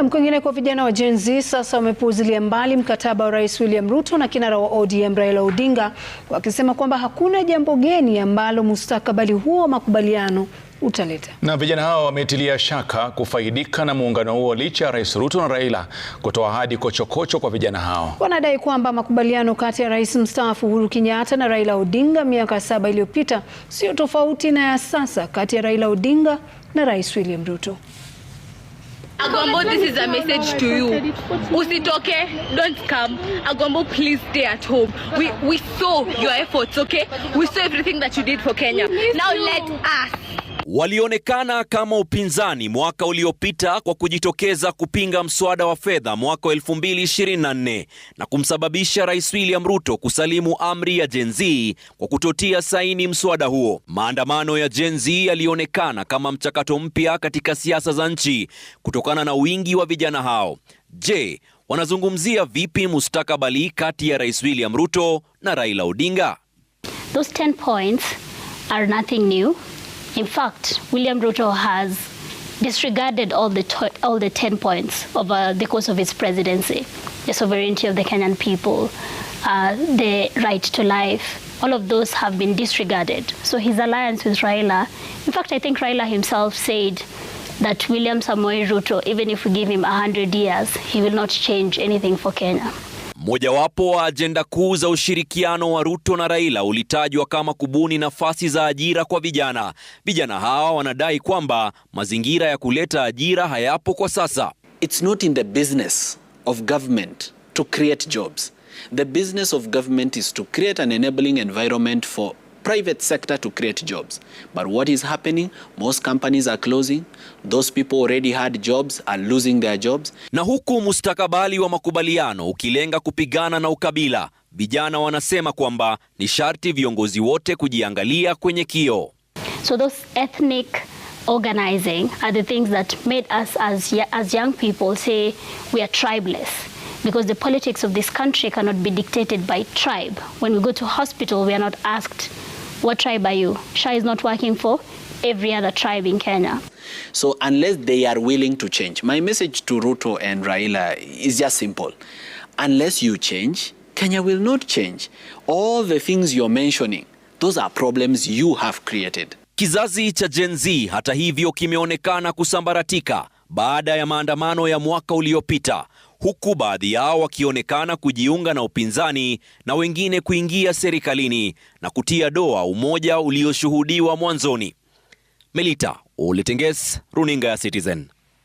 Naam, kwingine kwa vijana wa Gen Z sasa wamepuuzilia mbali mkataba wa Rais William Ruto na kinara wa ODM Raila Odinga wakisema kwamba hakuna jambo geni ambalo mustakabali huo wa makubaliano utaleta. Na vijana hao wametilia shaka kufaidika na muungano huo licha ya Rais Ruto na Raila kutoa ahadi kochokocho kwa vijana hao. Wanadai kwamba makubaliano kati ya Rais mstaafu Uhuru Kenyatta na Raila Odinga miaka saba iliyopita sio tofauti na ya sasa kati ya Raila Odinga na Rais William Ruto. Agombo, this is a message to you. Usitoke, don't come. Agombo, please stay at home. We we saw your efforts, okay? We saw everything that you did for Kenya. Now let us walionekana kama upinzani mwaka uliopita kwa kujitokeza kupinga mswada wa fedha mwaka 2024 na kumsababisha Rais William Ruto kusalimu amri ya Gen Z kwa kutotia saini mswada huo. Maandamano ya Gen Z yalionekana kama mchakato mpya katika siasa za nchi kutokana na wingi wa vijana hao. Je, wanazungumzia vipi mustakabali kati ya Rais William Ruto na Raila Odinga? Those 10 points are nothing new. In fact, William Ruto has disregarded all the, all the 10 points over the course of his presidency the sovereignty of the Kenyan people, uh, the right to life. All of those have been disregarded. So his alliance with Raila, in fact, I think Raila himself said that William Samoei Ruto, even if we give him 100 years, he will not change anything for Kenya. Mojawapo wa ajenda kuu za ushirikiano wa Ruto na Raila ulitajwa kama kubuni nafasi za ajira kwa vijana. Vijana hawa wanadai kwamba mazingira ya kuleta ajira hayapo kwa sasa. It's not in the business of government to create jobs. The business of government is to create an enabling environment for private sector to create jobs. But what is happening? Most companies are closing. Those people already had jobs are losing their jobs. Na huku mustakabali wa makubaliano ukilenga kupigana na ukabila, vijana wanasema kwamba ni sharti viongozi wote kujiangalia kwenye kio. So those ethnic organizing are the things that made us as, as young people say we are tribeless because the politics of this country cannot be dictated by tribe. When we go to hospital, we are not asked What tribe are you? SHA is not working for every other tribe in Kenya. So unless they are willing to change, my message to Ruto and Raila is just simple. Unless you change, Kenya will not change. All the things you're mentioning, those are problems you have created. Kizazi cha Gen Z hata hivyo kimeonekana kusambaratika baada ya maandamano ya mwaka uliopita, huku baadhi yao wakionekana kujiunga na upinzani na wengine kuingia serikalini na kutia doa umoja ulioshuhudiwa mwanzoni. Melita Oletenges, runinga ya Citizen.